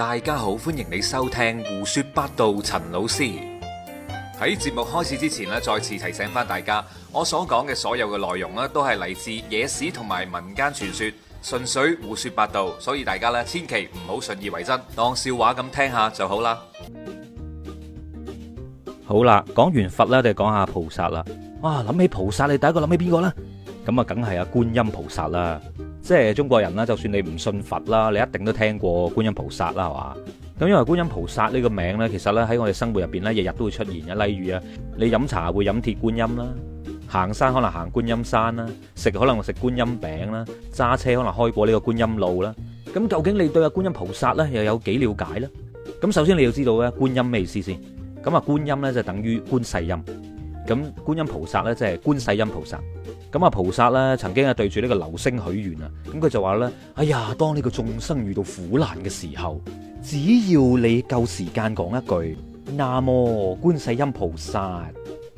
大家好，歡迎你收聽胡說八道。陳老師喺節目開始之前咧，再次提醒翻大家，我所講嘅所有嘅內容咧，都係嚟自野史同埋民間傳說，純粹胡說八道，所以大家咧千祈唔好信以為真，當笑話咁聽下就好啦。好啦，講完佛啦，我哋講下菩薩啦。哇、啊，諗起菩薩，你第一個諗起邊個啦？咁啊，梗係阿觀音菩薩啦。即係中國人啦，就算你唔信佛啦，你一定都聽過觀音菩薩啦，係嘛？咁因為觀音菩薩呢個名咧，其實咧喺我哋生活入邊咧，日日都會出現嘅。例如啊，你飲茶會飲鐵觀音啦，行山可能行觀音山啦，食可能食觀音餅啦，揸車可能開過呢個觀音路啦。咁究竟你對阿觀音菩薩咧又有幾了解咧？咁首先你要知道咧，觀音咩意思先？咁啊，觀音咧就等於觀世音，咁觀音菩薩咧即係觀世音菩薩。咁啊，菩薩咧曾經啊對住呢個流星許願啊，咁佢就話咧：哎呀，當呢個眾生遇到苦難嘅時候，只要你夠時間講一句，南無觀世音菩薩，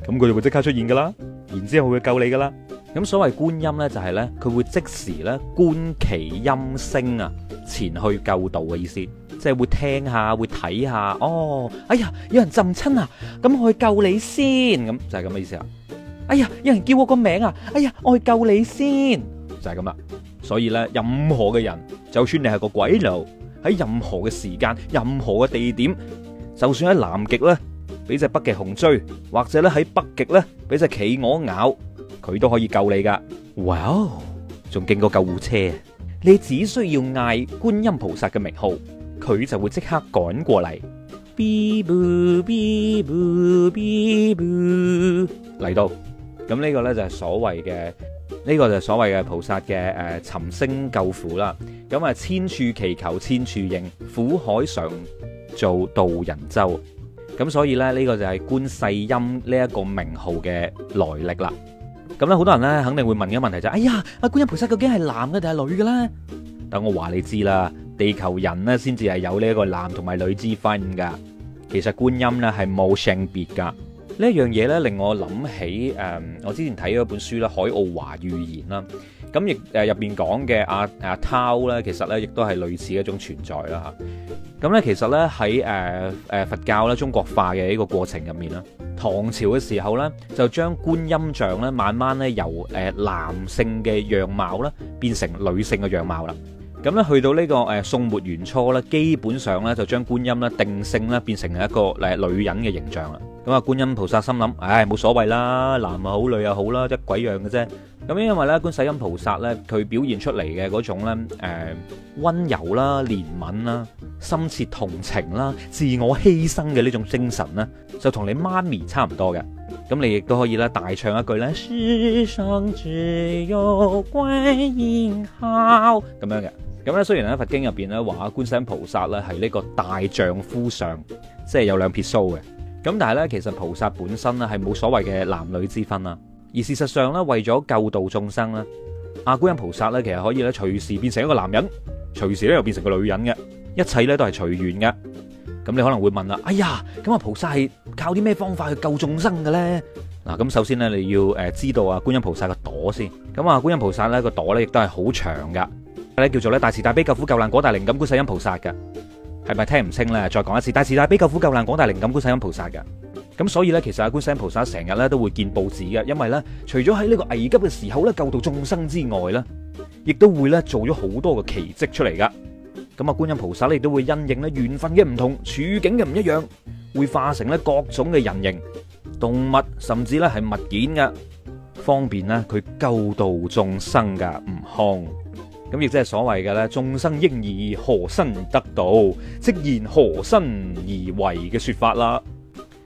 咁佢就會即刻出現噶啦，然之後會救你噶啦。咁所謂觀音咧就係咧，佢會即時咧觀其音聲啊，前去救度嘅意思，即係會聽下，會睇下，哦，哎呀，有人浸親啊，咁我去救你先，咁就係咁嘅意思啊。哎呀，有人叫我個名啊！哎呀，我去救你先，就係咁啦。所以咧，任何嘅人，就算你係個鬼佬，喺任何嘅時間、任何嘅地點，就算喺南極咧俾隻北極熊追，或者咧喺北極咧俾隻企鵝咬，佢都可以救你噶。哇哦，仲經過救護車，你只需要嗌觀音菩薩嘅名號，佢就會即刻趕過嚟，嚟到。咁呢個呢，就係所謂嘅，呢、這個就係所謂嘅菩薩嘅誒，尋、呃、聲救苦啦。咁啊，千處祈求千處應，苦海常做渡人舟。咁所以呢，呢、這個就係觀世音呢一個名號嘅來歷啦。咁咧，好多人呢，肯定會問嘅問題就係、是，哎呀，阿觀音菩薩究竟係男嘅定係女嘅呢？等我話你知啦，地球人呢，先至係有呢一個男同埋女之分噶。其實觀音呢，係冇性別噶。呢一樣嘢咧，令我諗起誒，我之前睇嗰本書咧，《海奧華預言》啦，咁亦誒入邊講嘅阿阿濤咧，其實咧亦都係類似一種存在啦。嚇，咁咧其實咧喺誒誒佛教咧中國化嘅呢個過程入面啦，唐朝嘅時候咧就將觀音像咧慢慢咧由誒男性嘅樣貌咧變成女性嘅樣貌啦。咁咧去到呢個誒宋末元初咧，基本上咧就將觀音咧定性咧變成一個誒女人嘅形象啦。咁啊，觀音菩薩心諗，唉、哎，冇所謂啦，男又好，好，女又好啦，一鬼樣嘅啫。咁因為咧，觀世音菩薩咧，佢表現出嚟嘅嗰種咧，誒、呃，溫柔啦、憐憫啦、深切同情啦、自我犧牲嘅呢種精神咧，就同你媽咪差唔多嘅。咁你亦都可以咧，大唱一句咧，世上只有觀音好咁樣嘅。咁咧，雖然喺佛經入邊咧話觀世音菩薩咧係呢個大丈夫相，即、就、係、是、有兩撇鬚嘅。咁但係咧，其實菩薩本身咧，係冇所謂嘅男女之分啦。而事實上咧，為咗救度眾生咧，阿觀音菩薩咧，其實可以咧隨時變成一個男人，隨時咧又變成個女人嘅，一切咧都係隨緣嘅。咁你可能會問啦，哎呀，咁啊菩薩係靠啲咩方法去救眾生嘅咧？嗱，咁首先咧你要誒知道啊觀音菩薩個朵先。咁啊觀音菩薩咧個朵咧亦都係好長噶，咧叫做咧大慈大悲救苦救難廣大靈感觀世音菩薩噶。係咪聽唔清咧？再講一次，大慈大悲救苦救難廣大靈感觀世音菩薩噶咁所以咧，其實阿觀世音菩薩成日咧都會見報紙嘅，因為咧，除咗喺呢個危急嘅時候咧救度眾生之外咧，亦都會咧做咗好多嘅奇蹟出嚟噶。咁啊，觀音菩薩亦都會因應咧緣分嘅唔同、處境嘅唔一樣，會化成咧各種嘅人形、動物，甚至咧係物件噶，方便咧佢救度眾生噶，悟空。咁亦即係所謂嘅咧，眾生應以何身得度，即現何身而為嘅説法啦。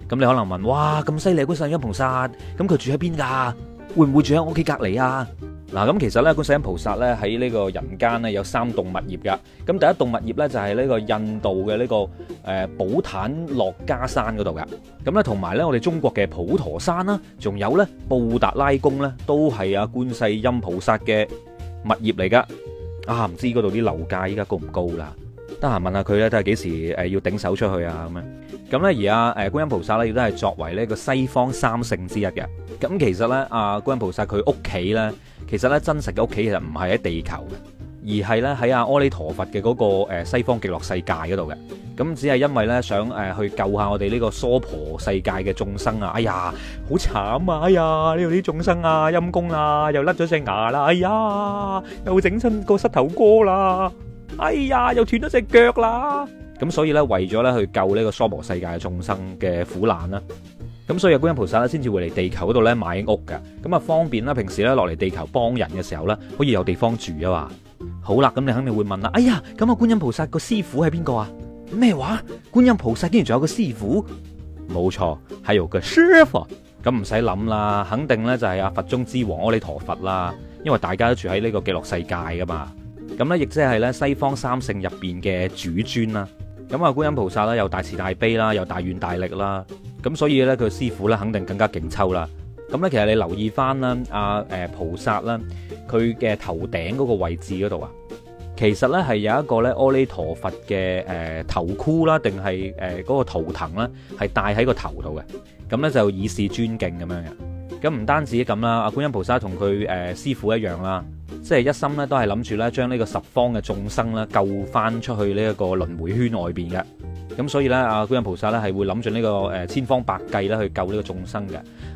咁你可能問：哇，咁犀利！觀世音菩薩咁佢住喺邊㗎？會唔會住喺我屋企隔籬啊？嗱，咁其實咧，觀世音菩薩咧喺呢個人間咧有三棟物業㗎。咁第一棟物業咧就係呢個印度嘅呢個誒補怛洛迦山嗰度㗎。咁咧同埋咧，我哋中國嘅普陀山啦，仲有咧布達拉宮咧，都係啊觀世音菩薩嘅物業嚟㗎。啊，唔知嗰度啲樓價依家高唔高啦？得閒問下佢咧，都係幾時誒要頂手出去啊？咁樣咁咧，而阿、啊、誒觀音菩薩咧，亦都係作為呢個西方三聖之一嘅。咁其實咧，阿、啊、觀音菩薩佢屋企咧，其實咧真實嘅屋企其實唔係喺地球嘅。而係咧喺阿阿彌陀佛嘅嗰個誒西方極樂世界嗰度嘅，咁，只係因為咧想誒去救下我哋呢個娑婆世界嘅眾生啊！哎呀，好慘啊！哎呀，呢度啲眾生啊，陰功啦，又甩咗隻牙啦，哎呀，又整親個膝頭哥啦，哎呀，又斷咗隻腳啦。咁所以咧，為咗咧去救呢個娑婆世界嘅眾生嘅苦難啦，咁所以觀音菩薩咧先至會嚟地球嗰度咧買屋嘅，咁啊，方便啦，平時咧落嚟地球幫人嘅時候咧可以有地方住啊嘛。好啦，咁你肯定會問啦，哎呀，咁啊觀音菩薩個師傅係邊個啊？咩話？觀音菩薩竟然仲有個師傅？冇錯，係有個師傅。咁唔使諗啦，肯定呢就係阿佛中之王阿彌陀佛啦，因為大家都住喺呢個極樂世界噶嘛。咁呢亦即係呢西方三聖入邊嘅主尊啦。咁啊觀音菩薩呢又大慈大悲啦，又大願大力啦。咁所以呢，佢師傅呢肯定更加勁抽啦。咁咧，其實你留意翻啦，阿誒菩薩啦，佢嘅頭頂嗰個位置嗰度啊，其實咧係有一個咧阿彌陀佛嘅誒頭箍啦，定係誒嗰個圖騰啦，係戴喺個頭度嘅。咁咧就以示尊敬咁樣嘅。咁唔單止咁啦，阿觀音菩薩同佢誒師父一樣啦，即係一心咧都係諗住咧將呢個十方嘅眾生啦救翻出去呢一個輪迴圈外邊嘅。咁所以咧，阿觀音菩薩咧係會諗住呢個誒千方百計去救呢個眾生嘅。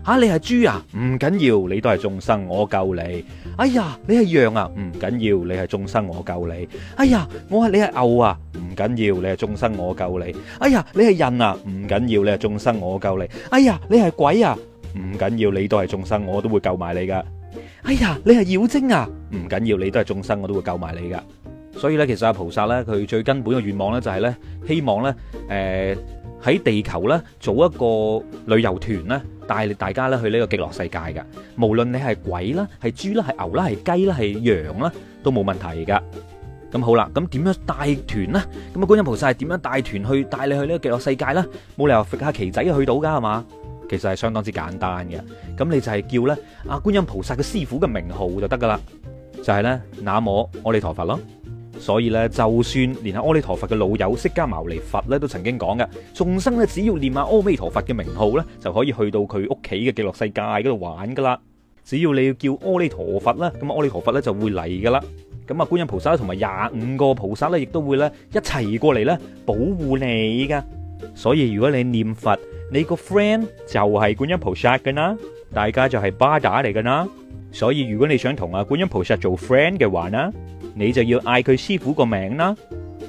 吓、啊、你係豬啊，唔緊要，你都係眾生，我救你。哎呀，你係羊啊，唔緊要，你係眾生，我救你。哎呀，我係你係牛啊，唔緊要，你係眾生，我救你。哎呀，你係人啊，唔緊要，你係眾生，我救你。哎呀，你係鬼啊，唔緊要，你都係眾生，我都會救埋你㗎。哎呀，你係妖精啊，唔緊要，你都係眾生，我都會救埋你㗎。所以咧，其實阿菩薩咧，佢最根本嘅願望咧，就係咧，希望咧，誒喺地球咧做一個旅遊團咧，帶大家咧去呢個極樂世界嘅。無論你係鬼啦，係豬啦，係牛啦，係雞啦，係羊啦，都冇問題噶。咁好啦，咁點樣帶團呢？咁啊，觀音菩薩係點樣帶團去帶你去呢個極樂世界啦？冇理由揈下旗仔去到噶係嘛？其實係相當之簡單嘅。咁你就係叫咧阿觀音菩薩嘅師傅嘅名號就得噶啦，就係咧南無阿彌陀佛咯。所以咧，就算連阿阿彌陀佛嘅老友釋迦牟尼佛咧，都曾經講嘅，眾生咧只要念阿阿彌陀佛嘅名號咧，就可以去到佢屋企嘅極樂世界嗰度玩噶啦。只要你要叫阿彌陀佛啦，咁阿彌陀佛咧就會嚟噶啦。咁啊觀音菩薩同埋廿五個菩薩咧，亦都會咧一齊過嚟咧保護你噶。所以如果你念佛，你個 friend 就係觀音菩薩噶啦，大家就係巴打嚟噶啦。所以如果你想同阿觀音菩薩做 friend 嘅話呢？你就要嗌佢師傅個名啦，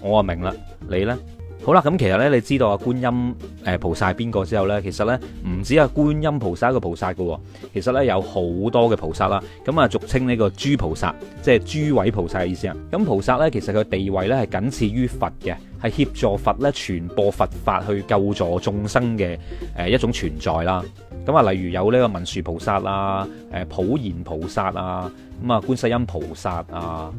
我啊明啦，你呢？好啦，咁其實呢，你知道阿觀音誒菩薩邊個之後呢？其實呢，唔止阿觀音菩薩一個菩薩噶，其實呢，有好多嘅菩薩啦，咁啊俗稱呢個諸菩薩，即係諸位菩薩嘅意思啊。咁菩薩呢，其實佢地位呢係僅次於佛嘅，係協助佛呢傳播佛法去救助眾生嘅誒一種存在啦。咁啊，例如有呢個文殊菩薩啦，誒普賢菩薩啊，咁啊觀世音菩薩啊。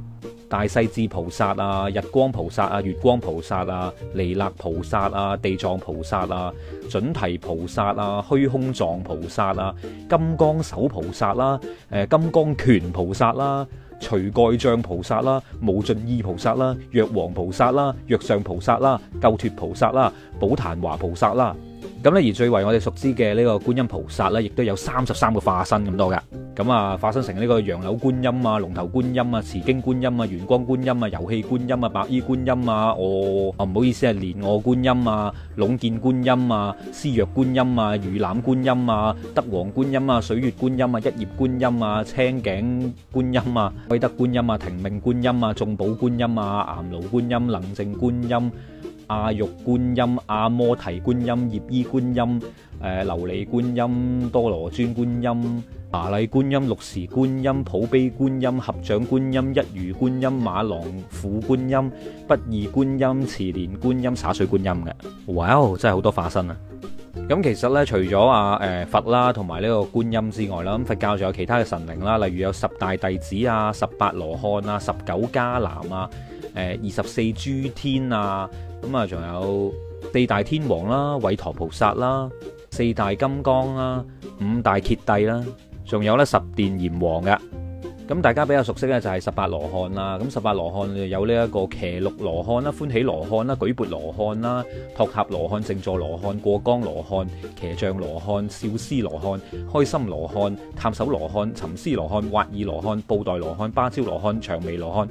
大勢至菩薩啊，日光菩薩啊，月光菩薩啊，彌勒菩薩啊，地藏菩薩啊，准提菩薩啊，虛空藏菩薩啊，金剛手菩薩啦、啊，誒金剛拳菩薩啦、啊，除蓋障菩薩啦、啊，無盡意菩薩啦、啊，藥王菩薩啦、啊，藥上菩薩啦、啊，救脫菩薩啦、啊，寶檀華菩薩啦、啊。咁咧，而最為我哋熟知嘅呢個觀音菩薩咧，亦都有三十三個化身咁多㗎。咁啊，化身成呢個楊柳觀音啊、龍頭觀音啊、持經觀音啊、圓光觀音啊、遊戲觀音啊、白衣觀音啊、我啊唔好意思啊，蓮臥觀音啊、瀧見觀音啊、施藥觀音啊、魚籃觀音啊、德王觀音啊、水月觀音啊、一葉觀音啊、青頸觀音啊、威德觀音啊、停命觀音啊、眾寶觀音啊、岩牢觀音、冷靜觀音。阿玉觀音、阿摩提觀音、葉衣觀音、誒琉璃觀音、多羅尊觀音、麻禮觀音、六時觀音、普悲觀音、合掌觀音、一如觀音、馬郎婦觀音、不二觀音、持蓮觀音、灑水觀音嘅，哇、wow,！真係好多化身啊！咁其實呢，除咗啊誒、呃、佛啦，同埋呢個觀音之外啦，咁佛教仲有其他嘅神靈啦，例如有十大弟子啊、十八羅漢啊、十九迦南啊。誒二十四諸天啊，咁啊仲有四大天王啦、韋陀菩薩啦、四大金剛啦、五大揭帝啦，仲有咧十殿閻王嘅。咁大家比較熟悉咧就係十八羅漢啦。咁十八羅漢有呢、這、一個騎六羅漢啦、歡喜羅漢啦、舉缽羅漢啦、托塔羅漢、靜坐羅漢、過江羅漢、騎象羅漢、笑獅羅漢、開心羅漢、探手羅漢、沉思羅漢、挖耳羅漢、布袋羅漢、芭蕉羅漢、長眉羅漢。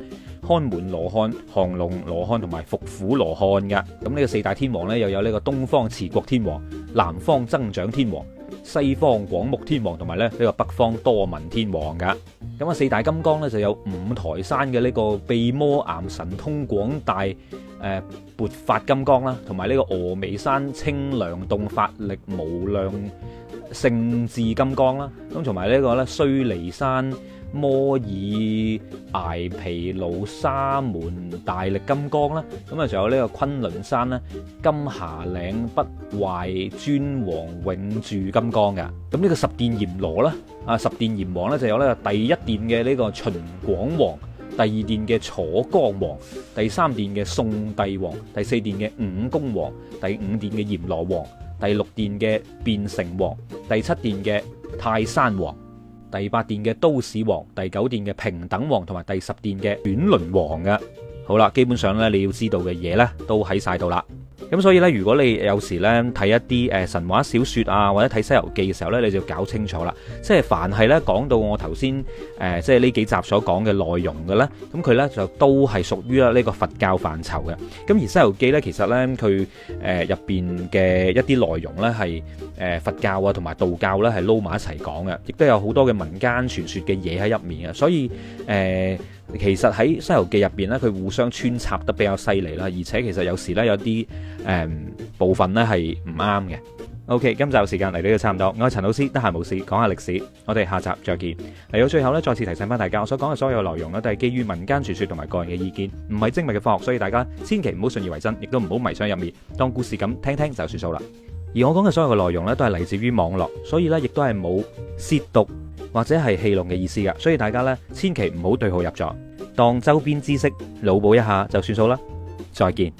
看門羅漢、降龍羅漢同埋伏虎羅漢嘅，咁呢個四大天王呢，又有呢個東方持國天王、南方增長天王、西方廣目天王同埋咧呢個北方多聞天王嘅。咁啊四大金剛呢，就有五台山嘅呢個秘魔岩神通廣大誒撥法金剛啦，同埋呢個峨眉山清涼洞法力無量聖智金剛啦，咁同埋呢個呢，須彌山。摩耳崖皮魯沙門大力金剛啦，咁啊，仲有呢個崑崙山咧，金霞嶺不壞尊王永駐金剛嘅。咁呢個十殿閻羅啦，啊十殿閻王咧就有呢個第一殿嘅呢個秦廣王，第二殿嘅楚江王，第三殿嘅宋帝王，第四殿嘅五公王，第五殿嘅閻羅王，第六殿嘅變城王，第七殿嘅泰山王。第八殿嘅都市王，第九殿嘅平等王，同埋第十殿嘅轉輪王嘅，好啦，基本上咧你要知道嘅嘢咧都喺晒度啦。咁所以咧，如果你有時咧睇一啲誒神話小說啊，或者睇《西遊記》嘅時候咧，你就搞清楚啦。即係凡係咧講到我頭先誒，即係呢幾集所講嘅內容嘅咧，咁佢咧就都係屬於啦呢個佛教範疇嘅。咁而《西遊記》咧，其實咧佢誒入邊嘅一啲內容咧係誒佛教啊，同埋道教咧係撈埋一齊講嘅，亦都有好多嘅民間傳說嘅嘢喺入面嘅，所以誒。其實喺《西遊記》入邊咧，佢互相穿插得比較犀利啦，而且其實有時呢，有啲誒部分咧係唔啱嘅。OK，今集時間嚟到差唔多，我係陳老師，得閒無事講下歷史，我哋下集再見。嚟到最後呢，再次提醒翻大家，我所講嘅所有內容呢，都係基於民間傳說同埋個人嘅意見，唔係精密嘅科學，所以大家千祈唔好信以為真，亦都唔好迷上入面，當故事咁聽聽就算數啦。而我講嘅所有嘅內容呢，都係嚟自於網絡，所以呢，亦都係冇褻瀆或者係戲弄嘅意思噶所以大家呢，千祈唔好對號入座，當周邊知識腦補一下就算數啦。再見。